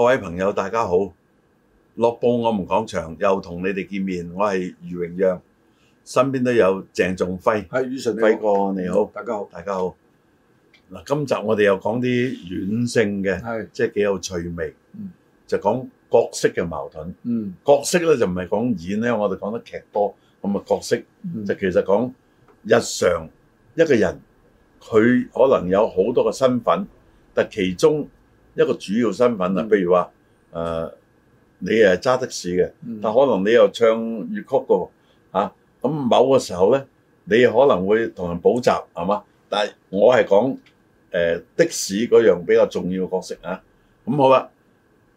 各位朋友，大家好！樂報，我們講場又同你哋見面，我係余榮陽，身邊都有鄭仲輝，係余順輝哥，你好，大家好，大家好。嗱，今集我哋又講啲軟性嘅，係即係幾有趣味，就講角色嘅矛盾。角色咧就唔係講演咧，我哋講得劇多咁嘅角色，就其實講日常一個人，佢可能有好多個身份，但其中一個主要身份啦，譬如話誒、呃，你係揸的士嘅，但可能你又唱粵曲嘅嚇。咁、啊、某個時候咧，你可能會同人補習係嘛？但係我係講誒的士嗰樣比較重要嘅角色啊。咁好啦，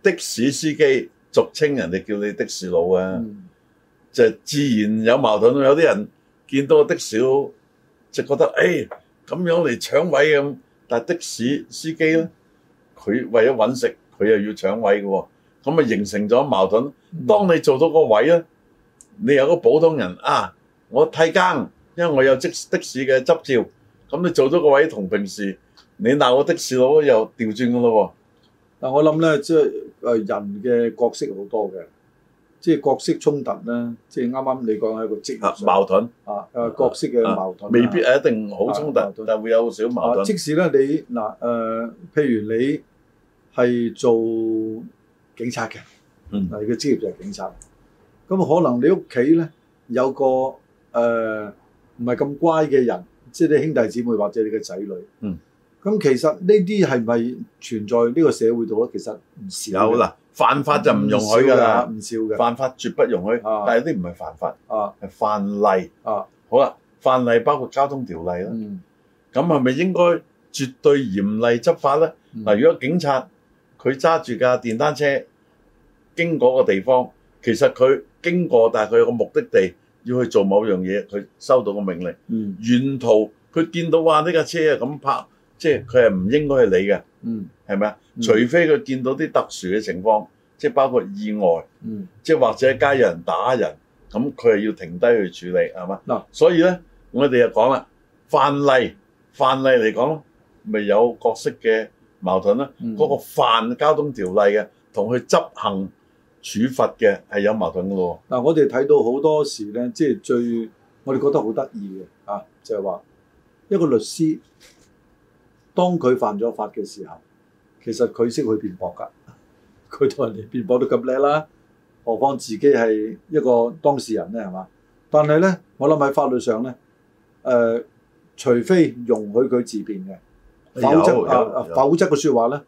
的士司機俗稱人哋叫你的士佬啊，嗯、就自然有矛盾。有啲人見到的士佬就覺得誒咁、欸、樣嚟搶位咁，但係的士司機咧。佢為咗揾食，佢又要搶位嘅喎，咁啊形成咗矛盾。當你做到個位咧，你有個普通人啊，我替更，因為我有的士的士嘅執照，咁你做到個位同平時，你鬧我的士佬又調轉嘅咯喎。嗱，我諗咧即係誒人嘅角色好多嘅，即係角色衝突咧，即係啱啱你講係一個職啊矛盾啊誒角色嘅矛盾，未必係一定好衝突，但會有少矛盾。即使咧你嗱誒，譬如你。係做警察嘅，嗱、嗯，你嘅職業就係警察。咁可能你屋企咧有個誒唔係咁乖嘅人，即、就、係、是、你兄弟姊妹或者你嘅仔女。咁、嗯、其實呢啲係咪存在呢個社會度咧？其實唔少。好嗱，犯法就唔容許㗎啦，唔少嘅。犯法絕不容許，啊、但係有啲唔係犯法，係、啊、犯例。啊，好啦，犯例包括交通條例啦。咁係咪應該絕對嚴厲執法咧？嗱、嗯，如果警察，佢揸住架電單車經過個地方，其實佢經過，但係佢有個目的地要去做某樣嘢，佢收到個命令。嗯，沿途佢見到哇呢架車啊咁拍，即係佢係唔應該係你嘅。嗯，係咪啊？除非佢見到啲特殊嘅情況，即係包括意外。嗯，即係或者街有人打人，咁佢係要停低去處理係嘛？嗱，所以咧，我哋就講啦，範例，範例嚟講咯，咪有角色嘅。矛盾啦，嗰個犯交通條例嘅同佢執行處罰嘅係有矛盾㗎喎。嗱，我哋睇到好多時咧，即係最我哋覺得好得意嘅啊，就係話一個律師當佢犯咗法嘅時候，其實佢識去辯駁㗎，佢同人哋辯駁都咁叻啦，何況自己係一個當事人咧，係嘛？但係咧，我諗喺法律上咧，誒，除非容許佢自辯嘅。否則啊，否則嘅說話咧，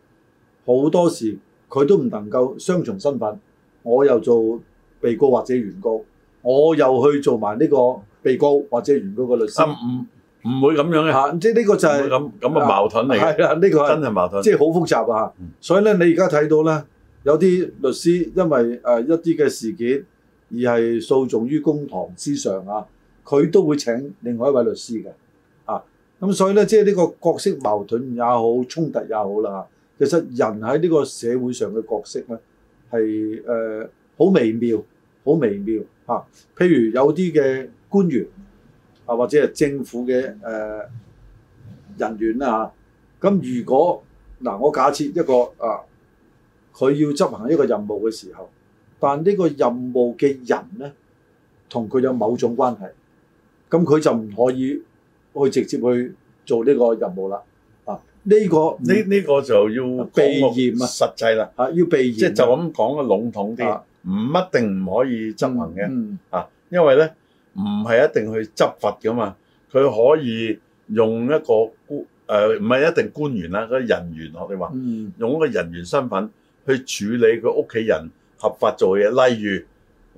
好多時佢都唔能夠雙重身份，我又做被告或者原告，我又去做埋呢個被告或者原告嘅律師。唔、啊、唔會咁樣嘅、啊啊，即係呢個就係咁咁嘅矛盾嚟嘅，係啊呢、呢個真係矛盾，即係好複雜啊。所以咧，你而家睇到咧，有啲律師因為誒一啲嘅事件而係訴訟於公堂之上啊，佢都會請另外一位律師嘅。咁所以咧，即係呢個角色矛盾也好，衝突也好啦。其實人喺呢個社會上嘅角色咧，係誒好微妙，好微妙、嚇、譬如有啲嘅官員啊，或者係政府嘅誒、呃、人員啦嚇咁、啊、如果嗱、啊，我假設一個啊，佢要執行一個任務嘅時候，但呢個任務嘅人咧，同佢有某種關係，咁佢就唔可以。去直接去做呢個任務啦！啊，呢個呢呢個就要避嫌啊，實際啦啊，要避嫌，即係就咁講嘅籠統啲，唔一定唔可以執行嘅啊，因為咧唔係一定去執法噶嘛，佢可以用一個官誒，唔係一定官員啦，嗰人員我哋話，用一個人員身份去處理佢屋企人合法做嘢，例如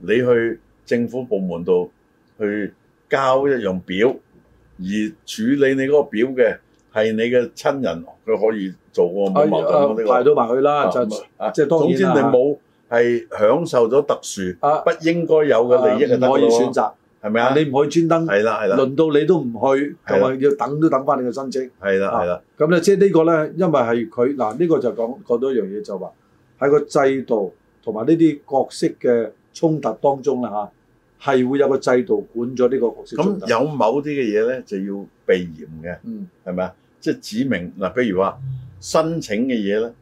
你去政府部門度去交一樣表。而處理你嗰個表嘅係你嘅親人，佢可以做喎。派到埋去啦，就即係、啊就係、當然啦。總之你冇係享受咗特殊、啊，不應該有嘅利益係可、啊、可以選擇，係咪啊？你唔可以專登。係啦，係啦。輪到你都唔去，係咪？要等都等翻你嘅申請係啦，係啦。咁咧，即、啊、係、啊、呢個咧，因為係佢嗱，呢、啊呢個就講講多一樣嘢，就話、是、喺個制度同埋呢啲角色嘅衝突當中啦、啊係會有個制度管咗呢個角色，咁有某啲嘅嘢咧就要避嫌嘅，係、嗯、咪、就是、啊？即係指明嗱，譬如話申請嘅嘢咧，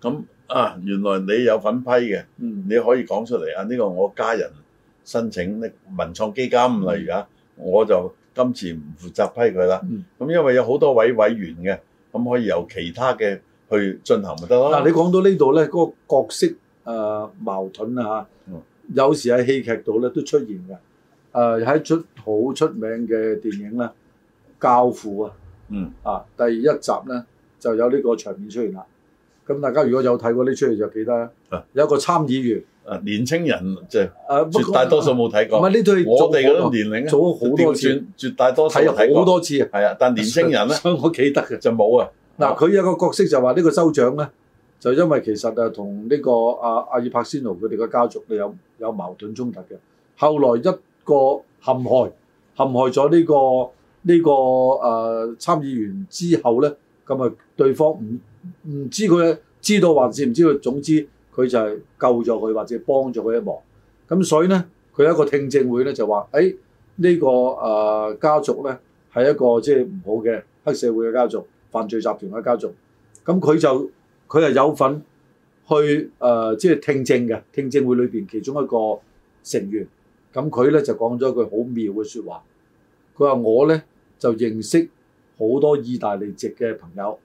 咁啊原來你有份批嘅、嗯，你可以講出嚟啊！呢、這個我家人申請呢，文創基金例如啊，嗯、我就今次唔負責批佢啦。咁、嗯、因為有好多位委員嘅，咁可以由其他嘅去進行咪得咯？嗱、啊，你講到呢度咧，嗰、那個角色誒矛盾啊、嗯有時喺戲劇度咧都出現嘅，誒、呃、喺出好出名嘅電影啦，《教父》啊，嗯啊第一集咧就有呢個場面出現啦。咁大家如果有睇過呢出戲就記得，啊、有一個參議員，啊、年青人即係、就是、絕大多數冇睇過。唔係呢出我哋嗰個年齡、啊、做咗好多，多次絕，絕大多數睇好多次、啊。係啊，但年青人咧，我記得嘅就冇啊。嗱、啊，佢、啊、有一個角色就話呢個州長咧。就因為其實同呢個阿阿爾柏仙奴佢哋嘅家族啊有有矛盾衝突嘅。後來一個陷害陷害咗呢個呢個誒參議員之後咧，咁啊，對方唔唔知佢知道還是唔知道，總之佢就係救咗佢或者幫咗佢一忙。咁所以咧，佢有一個聽證會咧就話：誒呢個誒家族咧係一個即係唔好嘅黑社會嘅家族、犯罪集團嘅家族。咁佢就。佢係有份去誒，即係聽證嘅聽證會裏面，其中一個成員。咁佢咧就講咗句好妙嘅說話。佢話我咧就認識好多意大利籍嘅朋友。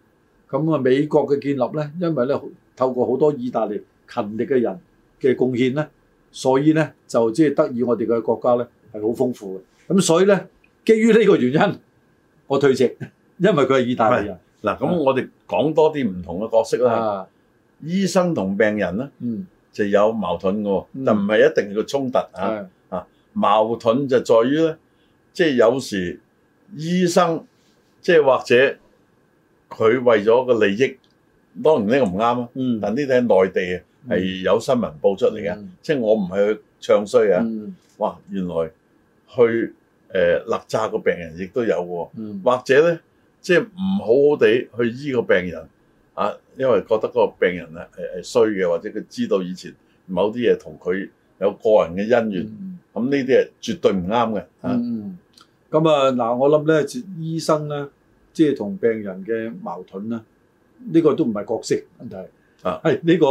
咁啊，美國嘅建立咧，因為咧透過好多意大利勤力嘅人嘅貢獻咧，所以咧就即係得以我哋嘅國家咧係好豐富嘅。咁所以咧，基於呢個原因，我退席，因為佢係意大利人。嗱，咁我哋講多啲唔同嘅角色啦、啊。醫生同病人咧、嗯，就有矛盾嘅，但唔係一定要衝突啊、嗯。啊，矛盾就在於咧，即、就、係、是、有時醫生即係、就是、或者佢為咗個利益，當然呢個唔啱啊。但呢啲喺內地係有新聞報出嚟嘅，即、嗯、係、就是、我唔係去唱衰啊、嗯。哇，原來去誒、呃、勒詐個病人亦都有喎、嗯，或者咧。即係唔好好地去醫個病人啊，因為覺得嗰個病人啊係係衰嘅，或者佢知道以前某啲嘢同佢有個人嘅恩怨，咁呢啲係絕對唔啱嘅嚇。咁、嗯、啊嗱、嗯，我諗咧，醫生咧，即係同病人嘅矛盾呢，呢、呢個都唔係角色問題啊，係呢個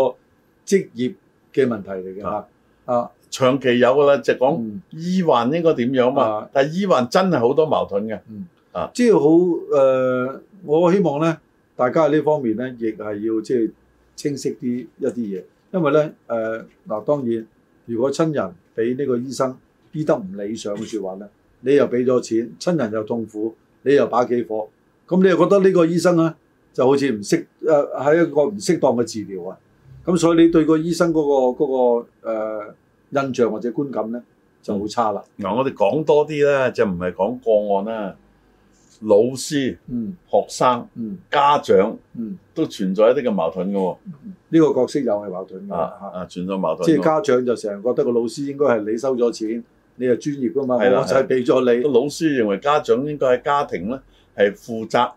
職業嘅問題嚟嘅嚇啊，長期有噶啦，就講、嗯、醫患應該點樣嘛，啊、但係醫患真係好多矛盾嘅。嗯啊！即係好誒，我希望咧，大家喺呢方面咧，亦係要即係清晰啲一啲嘢。因為咧，誒、呃、嗱，當然，如果親人俾呢個醫生醫得唔理想嘅説話咧，你又俾咗錢，親人又痛苦，你又把幾火，咁你又覺得呢個醫生咧就好似唔適誒，係、呃、一個唔適當嘅治療啊！咁所以你對個醫生嗰、嗰個嗰、嗰個呃、印象或者觀感咧就好差啦。嗱、嗯嗯，我哋講多啲啦，就唔係講個案啦、啊。老師、嗯、學生、家長、嗯嗯、都存在一啲嘅矛盾嘅、哦嗯，呢、這個角色又係矛盾嘅、啊啊。啊，存在矛盾。即係家長就成日覺得個老師應該係你收咗錢，你係專業㗎嘛，係我就係俾咗你。老師認為家長應該係家庭咧，係負責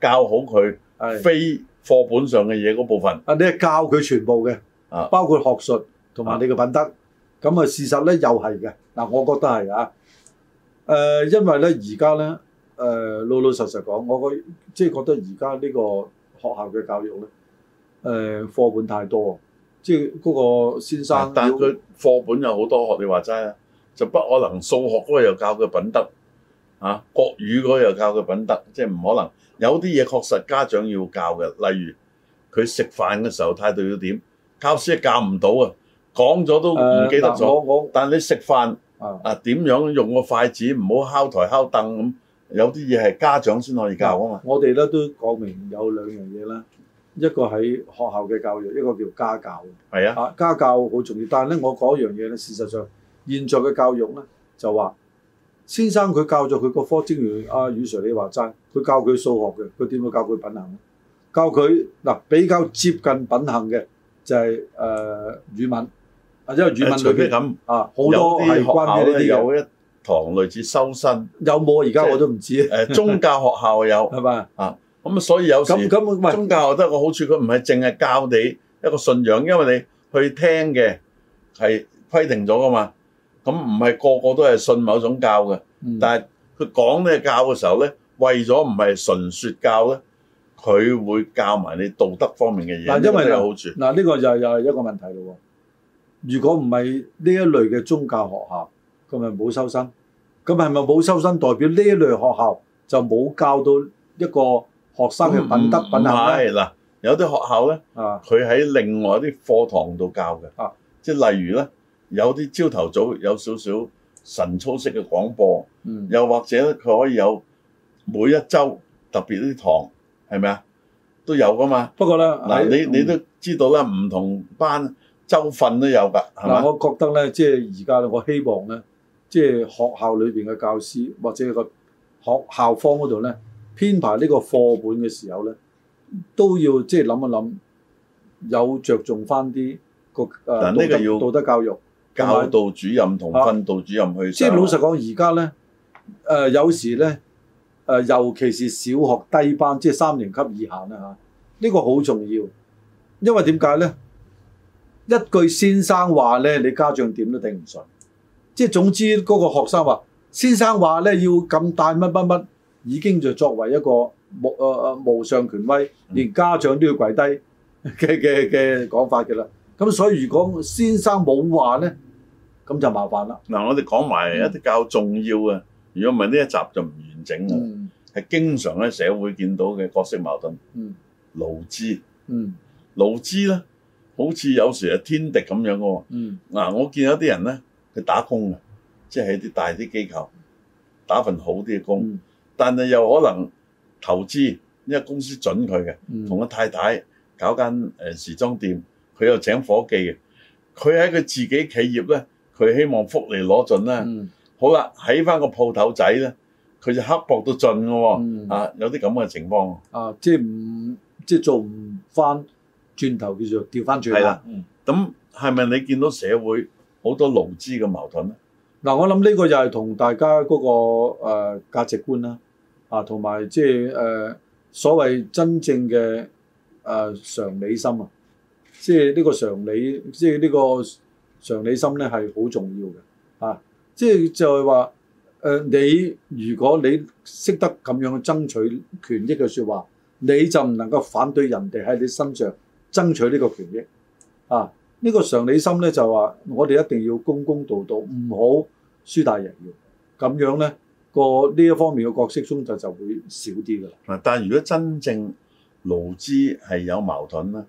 教好佢非課本上嘅嘢嗰部分。啊，你係教佢全部嘅、啊，包括學術同埋你嘅品德。咁啊，那事實咧又係嘅嗱，我覺得係啊。誒、呃，因為咧而家咧。誒、呃、老老實實講，我覺即係覺得而家呢個學校嘅教育咧，誒、呃、課本太多，即係嗰個先生、啊。但係佢課本有好多學，你話齋啊，就不可能數學嗰個又教佢品德，嚇、啊、國語嗰個又教佢品德，即係唔可能。有啲嘢確實家長要教嘅，例如佢食飯嘅時候態度要點，教師教唔到啊，講咗都唔記得咗、呃。但係你食飯啊點、啊、樣用個筷子，唔好敲台敲凳咁。有啲嘢係家長先可以教啊嘛！我哋咧都講明有兩樣嘢啦，一個喺學校嘅教育，一個叫家教。係啊，家教好重要，但係咧，我講一樣嘢咧，事實上現在嘅教育咧就話，先生佢教咗佢個科，正如阿雨、啊、Sir，你話齋，佢教佢數學嘅，佢點會教佢品行？教佢嗱比較接近品行嘅就係、是、誒、呃、語文，啊，因為語文佢咁啊，好多學校咧有一。堂類似修身有冇啊？而家我都唔知誒。宗教學校有係嘛啊？咁啊，所以有時咁咁宗教學校得個好處，佢唔係淨係教你一個信仰，因為你去聽嘅係規定咗㗎嘛。咁唔係個個都係信某種教嘅，但係佢講呢個教嘅時候咧，為咗唔係純説教咧，佢會教埋你道德方面嘅嘢。嗱，因為有好處嗱，呢個又又係一個問題咯。如果唔係呢一類嘅宗教學校。咁咪冇修身，咁係咪冇修身代表呢類學校就冇教到一個學生嘅品德品行咧？嗱、嗯，有啲學校咧，佢、啊、喺另外啲課堂度教嘅、啊，即係例如咧，有啲朝頭早有少少晨操式嘅廣播、嗯，又或者佢可以有每一週特別啲堂，係咪啊？都有噶嘛。不過咧，嗱你、嗯、你，你都知道啦，唔同班周訓都有㗎、嗯，係咪？嗱，我覺得咧，即係而家，我希望咧。即、就、係、是、學校裏邊嘅教師，或者個學校方嗰度咧編排呢個課本嘅時候咧，都要即係諗一諗，有着重翻啲個誒道德道德教育，但要教導主任同訓導主任去。即、啊、係、就是、老實講，而家咧誒有時咧誒、呃，尤其是小學低班，即、就、係、是、三年級以下啦呢、啊，呢個好重要，因為點解咧？一句先生話咧，你家長點都頂唔順。即係總之，嗰個學生話：先生話咧要咁大乜乜乜，已經就作為一個無誒誒、呃、無上權威，連家長都要跪低嘅嘅嘅講法嘅啦。咁所以如果先生冇話咧，咁就麻煩啦。嗱、嗯嗯，我哋講埋一啲較重要嘅，如果唔係呢一集就唔完整啦。係、嗯、經常喺社會見到嘅角色矛盾，勞、嗯、資，勞、嗯、資咧好似有時係天敵咁樣嘅喎。嗱、嗯啊，我見有啲人咧。佢打工嘅，即、就、係、是、一啲大啲機構打份好啲嘅工、嗯，但係又可能投資，因為公司準佢嘅，同、嗯、佢太太搞間誒時裝店，佢又請伙計嘅。佢喺佢自己企業咧，佢希望福利攞盡啦、嗯。好啦，喺翻個鋪頭仔咧，佢就刻薄到盡嘅喎、哦嗯。啊，有啲咁嘅情況啊，即係唔即係做唔翻轉頭、就是，叫做掉翻轉。係、嗯、啦，咁係咪你見到社會？好多勞資嘅矛盾啦，嗱、啊、我諗呢個就係同大家嗰、那個誒、呃、價值觀啦、啊，啊同埋即係誒所謂真正嘅誒、呃、常理心啊，即係呢個常理，即係呢個常理心咧係好重要嘅，啊即係就係話誒你如果你識得咁樣去爭取權益嘅說話，你就唔能夠反對人哋喺你身上爭取呢個權益啊。呢、這個常理心咧就話，我哋一定要公公道道，唔好輸大贏小，咁樣咧個呢一方面嘅角色衝突就，就會少啲嘅啦。但係如果真正勞資係有矛盾咧，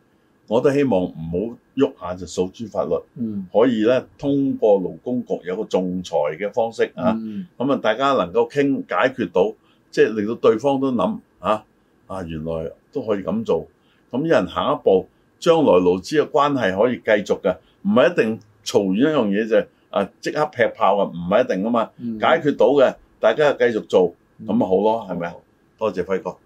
我都希望唔好喐下就訴諸法律，嗯、可以咧通過勞工局有個仲裁嘅方式、嗯、啊，咁啊大家能夠傾解決到，即、就、係、是、令到對方都諗啊啊原來都可以咁做，咁一人行一步。將來勞資嘅關係可以繼續嘅，唔係一定嘈完一樣嘢就啊即刻劈炮啊，唔係一定㗎嘛，解決到嘅大家就繼續做咁咪好咯，係咪啊？多謝輝哥。